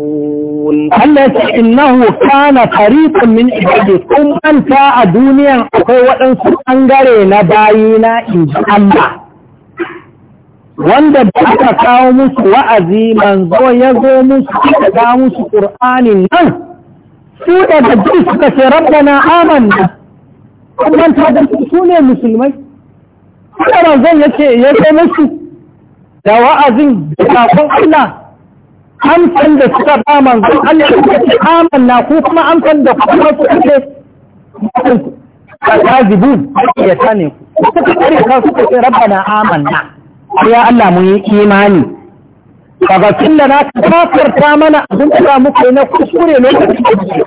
Allah ce innahu kana fariqun min ibadi kun manta a duniyan akwai waɗansu ɓangare na bayina in ji Allah wanda da aka kawo musu wa'azi manzo ya zo musu aka ga musu ƙur'anin nan su daga jin suka ce rabbana amanna kun ta da su ne musulmai kuma zan yace ya zo musu da wa'azin da kafin Allah amsan da suka ba manzon Allah suka ce amanna ko kuma amsan da kuma suka ce kazibun ya sani ku suka kare ka suka ce rabbana amanna ya Allah mu yi imani cin da na ta mana abin da muke na kuskure ne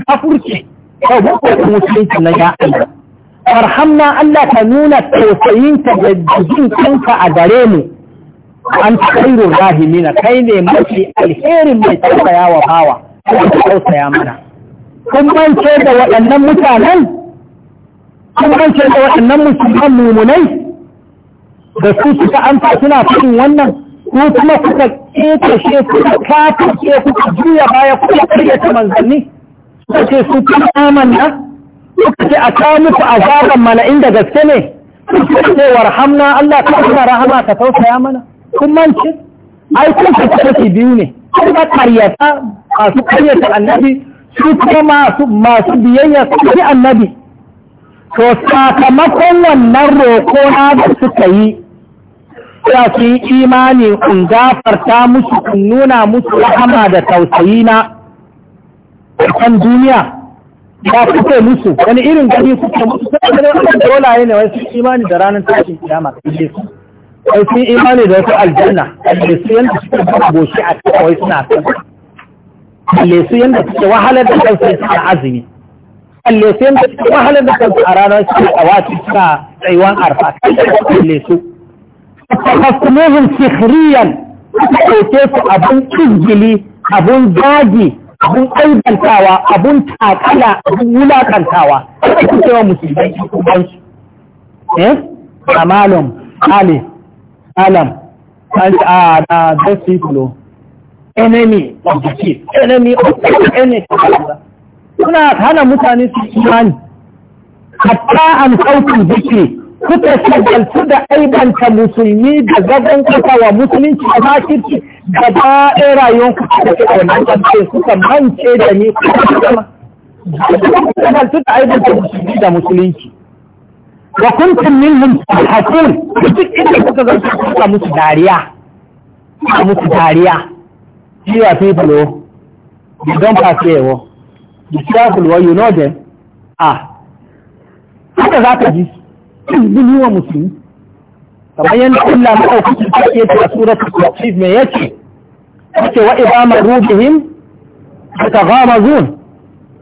kafurci kawai mutum musulunci na ya Allah farhamna Allah ka nuna tausayinka da jin kanka a gare mu an khairur rahimina kai ne mafi alherin mai tausaya wa bawa ka tausaya mana kun mance da waɗannan mutanen kun mance da waɗannan musulman mumunai da su suka amsa suna faɗin wannan ko kuma kuka ƙetashe kuka kafirce kuka juya baya kuka ƙaryata manzanni suka ce su kun amanna suka ce a kawo muku azaban mana inda gaske ne suka ce warhamna Allah ka kuma rahama ka tausaya mana kun ai kun ka kashi biyu ne kun ba karyata masu karyata annabi su kuma masu masu biyayya annabi to sakamakon wannan roko da suka yi ya su yi imani in gafarta musu in nuna musu rahama da tausayi na duniya ba su musu wani irin gani kuke musu sai da wannan dolaye ne wai su imani da ranar tashin kiyama kai sun imani da wasu aljanna kalle su yanda suke gaba goshi a kawai suna kan kalle su yanda suke wahalar da kansu ya suna azumi kalle su yanda suke wahalar da kansu a ranar su a tsawaci suna tsayuwan arfa kalle su tafasumuhun sikhriyan suka ɗauke su abin kizgili abun zagi abun aibantawa abun takala abun wulakantawa suke wa musulmai su kuma su eh amalum Ali, alam and uh, uh, those people oh. enemy of the chief enemy of the enemy suna hana mutane su imani hatta an sautin zikiri kuka su da aibanta musulmi da zagon kasa wa musulunci a makirci da ba ɗaya rayuwar kuka da kuka wani kwanci suka mance da ni kuka su da aibanta musulmi da musulunci wa kuntum minhum tahakun duk inda kuka ga kuka musu dariya kuka musu dariya jiya people oh you don't pass here oh be careful what you know them ah haka za ka ji yi wa musulmi kamar yadda Allah maɗaukacin ke yake a suratul tafsir me yake yake wa ibama rubihim ta gama zuwa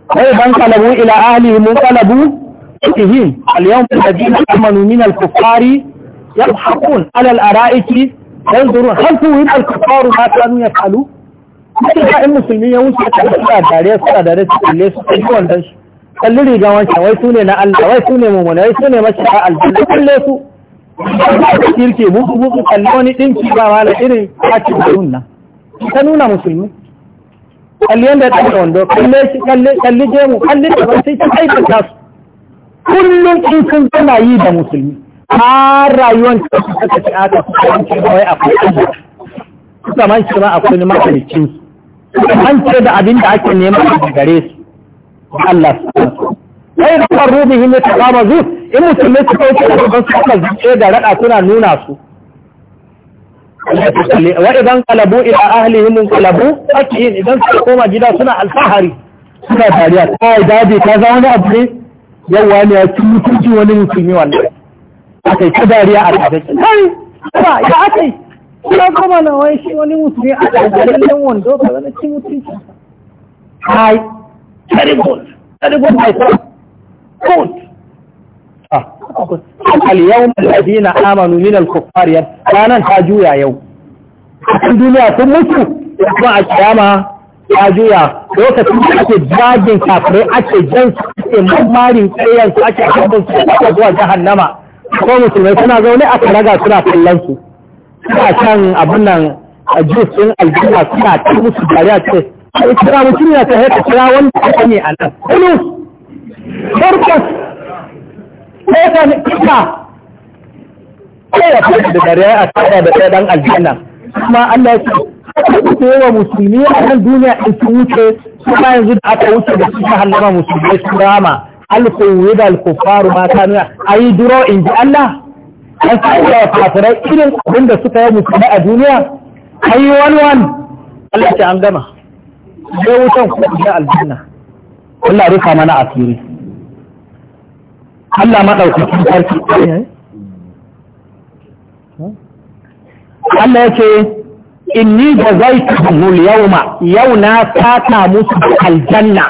wa ban qalabu ila mun kalabu بهم اليوم الذين آمنوا من الكفار يضحكون على الأرائك ينظرون هل توهم الكفار ما كانوا يفعلون مثل كائن مسلمين يوم سيكون سلا داريا سلا داريا سلا سلا kalli riga wancan wai su ne na Allah wai su ne mummuna wai su ne mashi'a aljanna kalle su kirke buku buku kalli wani dinki ba ma da irin kacin gurun nan ta nuna musulmi kalli yanda ya ɗaga wando kalle shi kalli jemu kalli da ba sai ta aikata su kullum in sun zama yi da musulmi har rayuwar ta su suka ci aka suka yanke da wai akwai Allah suka mance ma akwai ni makalicin su suka mance da abin da ake nema a gare su Allah su sai da kan rubi hin ta kama zu in musulmi su kai su da su suka zuce da rada suna nuna su wa idan qalabu ila ahlihim kalabu? fakihin idan suka koma gida suna alfahari suna dariya kai dadi ka za wani abu ne Yau ne ya cin mutunci wani musulmi wallahi aka yi ta dariya a kafin kai ba ya aka yi kuma kuma na wani shi wani musulmi a ɗanɗanen wando ba wani cin mutunci kai terrible terrible my son good اليوم الذين آمنوا من الكفار ranar ta juya yau. Cikin duniya sun mutu, kuma a kiyama ya juya lokacin da ake jajin kafare ake jan su ake mamarin tsayen su ake abubuwan su ake zuwa jahannama ko musulmai suna zaune a karaga suna kallon su suna kan abin nan a jirgin aljanna suna ta musu dariya ce a kira mutum ya ta haika kira wanda aka ne a nan kulus farkos ɗaya ko ya fi da dariya a tsada da ɗan kuma Allah ya ce suke yi wa musulmi a nan duniya in sun wuce su ma yanzu da aka wuce da suka hallama musulmi su rama alkuwi da alkufaru ma ta nuna a yi duro in ji Allah an kafirai irin abin da suka yi a duniya a yi wani wani Allah ce an gama zai wutan kuɗi da aljanna Allah rufa mana asiri Allah maɗaukakin sarki Allah ya ce inni da zai kamul yauma yau na saka musu aljanna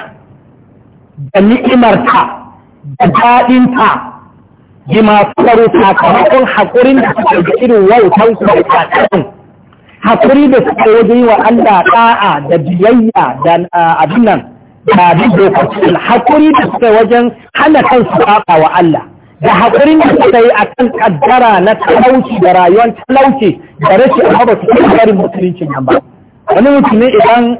da ni'imarta da daɗinta ji masu tsaro sakamakon haƙurin da suka da irin wautan su da haƙuri da suke wajen yi wa Allah ɗa'a da biyayya da abin nan da bin dokokin haƙuri da suka wajen hana kansu saba wa Allah da haƙurin da suka yi a kan ƙaddara na talauci da rayuwar talauci da rashin a haɓar su kuma barin musulunci nan ba wani mutumin idan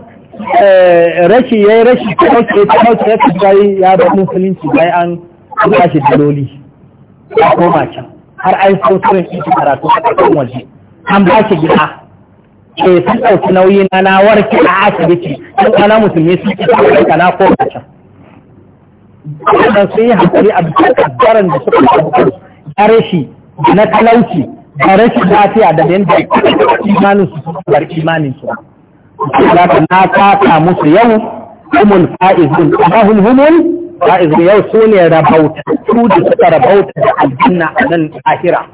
eh, rashi ya yi rashi talauci ya talauci ya tafi ya bar musulunci bai an da daloli ya koma can har an so turin karatu a kan waje an ba shi gida ke eh, sun ɗauki nauyi na na warke a asibiti sun ɗana musulmi sun ƙi ta na koma can wannan sun yi hankali a bisa kaddaran da suka samu da rashi na talauci da rashi lafiya da yadda imanin su suka bar imanin su ta na kaka musu yau humul fa'izun amma hum humul fa'izun yau su ne rabauta su da suka rabauta da aljanna a nan ahira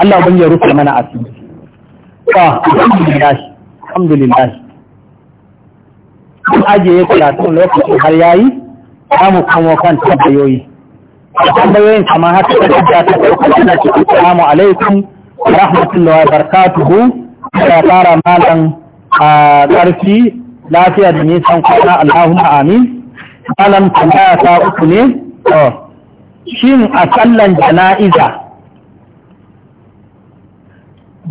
Allah ban ya rufe mana asiri to alhamdulillah alhamdulillah ya ajiye karatun lokacin har yayi za mu kamo kan tambayoyi tambayoyin kamar haka ta tabbata ta ɗauka tana ce assalamu alaikum wa rahmatullahi wa barakatuhu ta fara malam a ƙarfi lafiya da nisan kwana allahumma amin malam tambaya ta uku ne shin a sallan jana'iza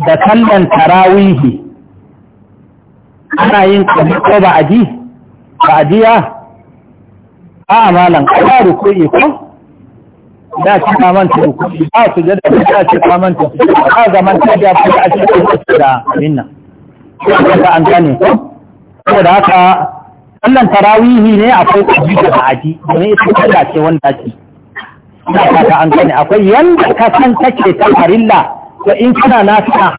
da sallan tarawihi ana yin ko ba a ji jiya a malam ba rukuni ku? da ci ka manta rukuni ba su jada da ci ka manta su ba zaman ta da ba a cikin su da minna da an gane ko da haka wannan tarawihi ne akwai kaji da ba'adi domin ita da ce wanda ce ina ta an gane akwai yanda ka san take ta harilla Ko in kana na ta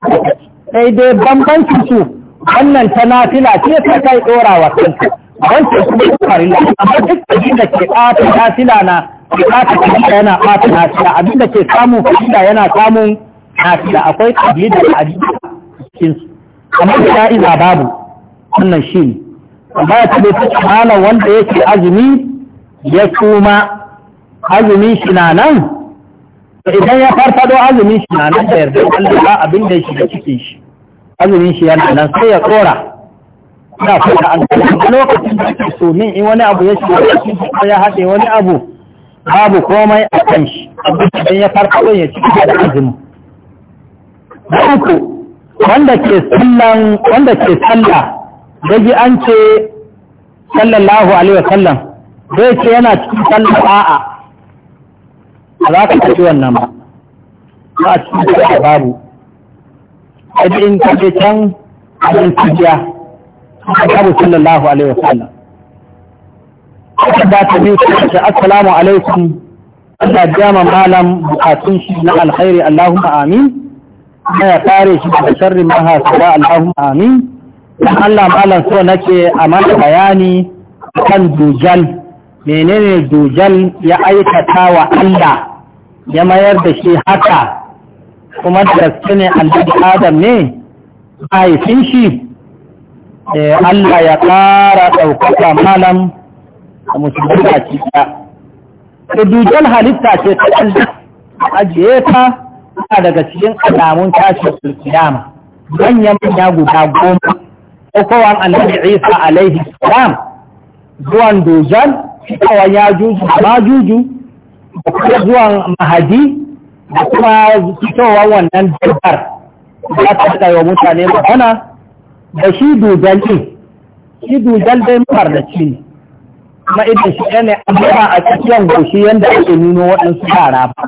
sai dai bambancin su wannan ta nafila ce ta kai dora wa kanka wancan kuma yi farilla amma duk abin da ke ɓata nasila na ɓata nasila yana ɓata nasila abin da ke samun farilla yana samun nasila akwai ƙabili da ƙabili cikin su amma da ya'iza babu wannan shi ne Ba ya taɓa ta tsamana wanda yake azumi ya kuma azumin shi na nan idan ya farfado azumin shi na nan da yarda Allah abin da ya shiga cikin shi azumin shi yana nan sai ya tsora na fata an lokacin da ake so min in wani abu ya shiga ya haɗe wani abu babu komai a kan shi abin ya farka ɗin ya ci cika da azumi uku wanda ke sallan wanda ke sallah da an ce sallallahu alaihi wasallam zai ce yana cikin sallah a'a a za ka tafi wannan ba ba a cikin sallah babu sai in ka je can abin cikiya Annabi sallallahu alaihi wasallam da ta ne ta assalamu alaikum Allah jama malam bukatun shi na alkhairi Allahumma amin kuma ya kare shi daga sharri amin dan Allah malam so nake a mana bayani kan jujal. menene dujal ya aikata wa Allah ya mayar da shi haka kuma da gaske ne Allah Adam ne mahaifin shi Eh, Allah ya ƙara ɗaukaka malam a musulmi a cikiya. Rudujen halitta ce ta Allah ajiye ta a daga cikin alamun tashin sulkiyama manyan manya guda goma ɗaukowar annabi Isa alaihi salam zuwan dujan, fitowar ya juju ma juju da kuma zuwan mahadi da kuma fitowar wannan dabar za ta ɗaya wa mutane magana da shi dudal din shi dudal dai mafarnaci ne kuma idan shi ne a cikin goshi yadda ake nuno waɗansu yara ba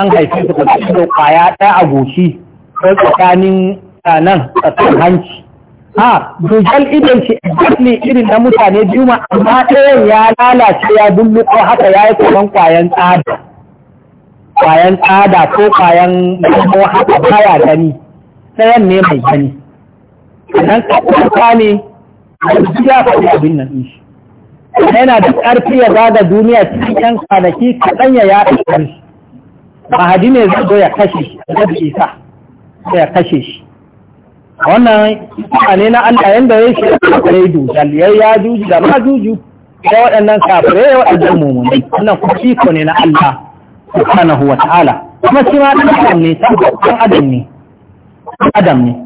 an haifi su kwaci da ƙwaya ɗaya a goshi ko tsakanin nan tsakanin hanci ha dujal idan shi ɗan irin na mutane biyu ma amma ɗayan ya lalace ya bulluko haka ya yi kaman kwayan tsada kwayan tsada ko kwayan ko haka baya gani ɗayan ne mai gani idan ka kwata ne duk ya faɗi abin nan shi yana da ƙarfi ya zaga duniya cikin yan kwanaki kaɗan ya yaɗa ƙarfi mahadi ne zai zo ya kashe shi da isa ya kashe shi wannan isa ne na allah yadda ya shi kafirai dujal ya ya juji da ma juju ya waɗannan kafirai ya waɗannan mummuni wannan kuma iko ne na allah subhanahu wa ta'ala kuma shi ma ɗan adam ne ɗan adam ne adam ne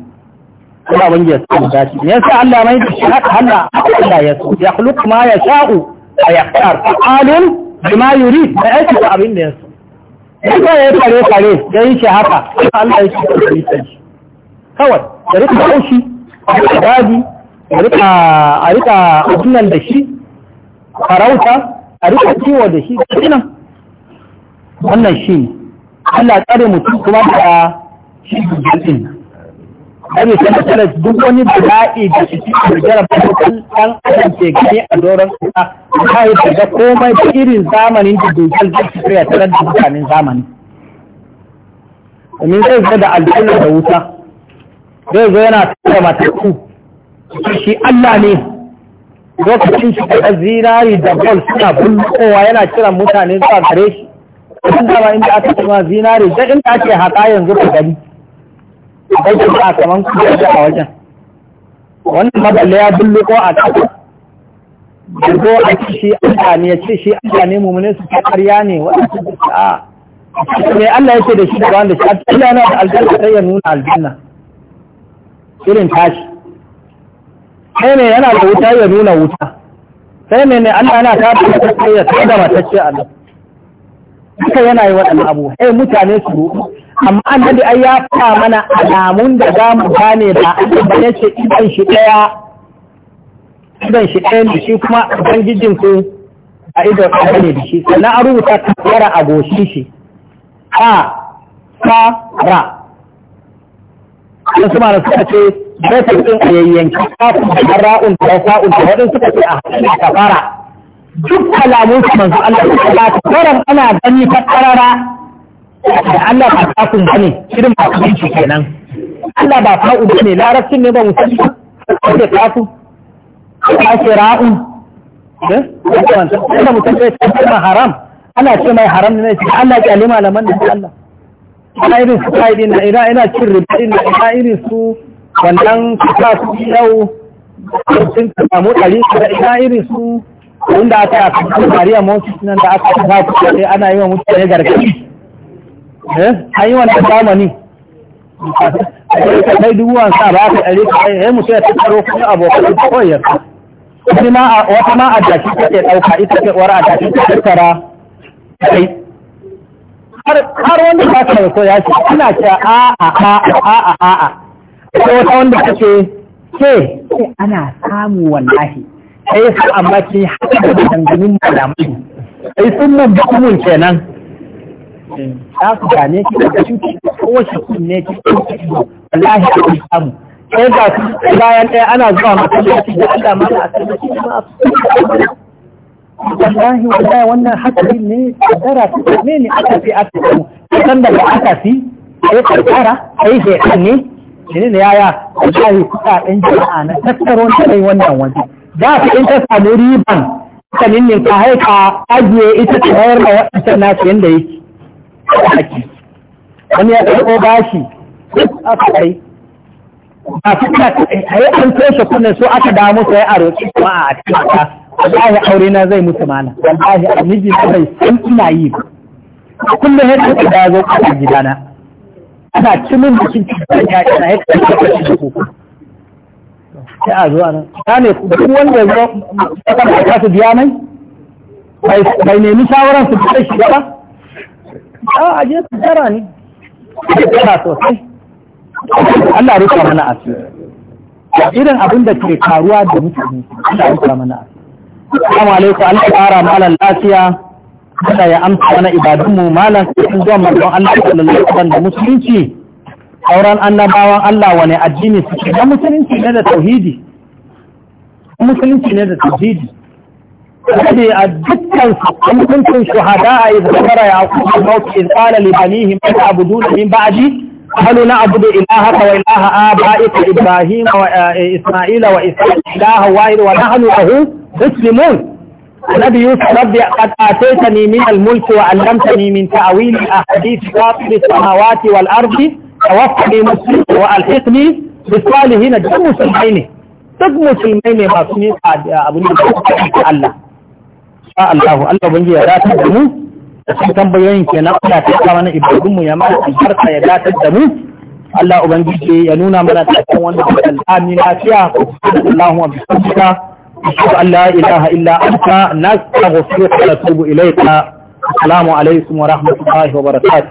Allah ban ya so dace me yasa Allah mai da shi Allah ya so ya khluq ma ya sha'u wa yaqtar fa'alun bima ri da aiki da abin da ya so yasa ya fare fare ya yi shi haka Allah ya shi da shi kawai da rika kaushi A dadi a rika a rika abinan da shi farauta a rika kiwo da shi kinan wannan shi Allah tsare mutum kuma da shi jirgin nan dan duk wani bala'i da shi da jarabar ɗan adam ke gani a doron kasa ba ta ga komai da irin zamanin da dokar da ta ya tarar da mutanen zamani domin zai zo da aljanna da wuta zai zo yana tura mataku shi Allah ne lokacin shi da zinari da bol suna bulkowa yana kiran mutane zuwa gare shi wanda ba inda aka tuma zinari da inda ake haƙa yanzu ka gani akwai kuma a kaman kuɗi a wajen wannan maballe ya bulluko a ƙasa da zo a ci shi Allah ne ya ce shi Allah ne mummune su ƙarya ne waɗansu da sa'a me Allah ya yake da shi da wanda shi Allah yana da aljanna sai ya nuna aljanna irin tashi sai ne yana da wuta ya nuna wuta sai ne ne Allah yana tafi da sai ya tada matacce Allah duka yana yi waɗannan abu eh mutane su ruɗu amma annabi ai ya fa mana alamun da za mu gane ba an ba ce idan shi ɗaya idan shi ɗaya ne shi kuma ubangijin ku a idan ɗaya ne da shi sannan an rubuta kafara a goshi shi ha fa ra wasu ma suka ce zai ta ɗin a yayyanki kafin da ra'un da ra'un da waɗansu suka ce a hakan kafara duk kalamun sa manzo Allah ya ta karan ana gani ta karara da Allah ba ta kun bane irin ba kun shi kenan Allah ba fa'u bane larabcin ne ba musulmi ko da tafu ashira'u eh da mutum sai ta kuma haram ana ce mai haram ne sai Allah ya alima malaman da Allah ina irin su kai din ina ina cin riba ina ina irin su wannan kasu yau sun samu ɗari ina irin su inda aka yi a kan mariya mawancin sunan da aka ta ku sai ana yi wa mutane gargaɗi eh an yi na zamani ka kai dubu sa ba ka ɗari ka yi eh, musu ya tattaro kuma abokan da kawai ya sa wata ma a jaki take ɗauka ita ce uwar a jaki ta tattara kai har wanda ba ka ko ya ce ina ce a a a a a a a wata wanda ta ce ana samu wallahi sai su amma kin haɗa da dangamin malamai sai sunan bakumin kenan za su gane ki da cuci kowace kunne ki wallahi a kun samu sai ga su bayan ɗaya ana zuwa masallaci da Allah ma a sallaci ma a wallahi wallahi wannan hakari ne dara ta ne ne aka fi aka samu kan da ba aka fi sai karkara sai shekan ne ne ne yaya wallahi kuɗaɗen jama'a na tattaro ne wannan wajen za ka in ka samu riban kanin ne ka haika ajiye ita ta bayar da waɗancan nasu yadda yake wani ya ɗauko bashi aka kai ba su ka ai an toshe kunnen so aka damu sai ya aro kuma a cikinka wallahi aure na zai mutu mana wallahi a miji na zai san ina yi ba kullum ya ɗauko da zo a gidana ana cimin bikin cikin ya ɗana ya ɗauko da kuka sai a zuwa nan ta ne duk wanda ya kasa ta su biya mai bai nemi shawaran su bai shiga ba a aje su tara ne tara sosai Allah rufa mana asiri irin abin da ke karuwa da mutane Allah rufa mana asiri Assalamu alaikum Allah ƙara malam lafiya Allah ya amsa mana ibadunmu malam sai in zuwa manzon Allah sallallahu alaihi wasallam da musulunci sauran annabawan Allah wani addini suke na musulunci ne da tauhidi musulunci ne da tauhidi kada a dukkan hukuncin shuhada a izabara ya kuma mawki izbala libanihi mai abudu na min ba'adi قالوا نعبد إلهك وإله آبائك إبراهيم وإسماعيل وإسحاق إله واحد ونحن له مسلمون النبي يوسف ربي wa آتيتني من ta'awili a من تأويل الأحاديث samawati السماوات والأرض tawaffani muslim wa alhiqni bi salihin da musulmai ne duk musulmai ne masu ne abin da suka Allah sha Allah Allah ya mu sun tambayoyin ke Allah ta kama na ibadunmu ya mana albarka ya datar da mu Allah ubangiji ya nuna mana cikin wannan al'ami lafiya Allahumma bi fadlika أشهد أن لا إله إلا أنت نستغفرك ونتوب إليك السلام عليكم ورحمة الله وبركاته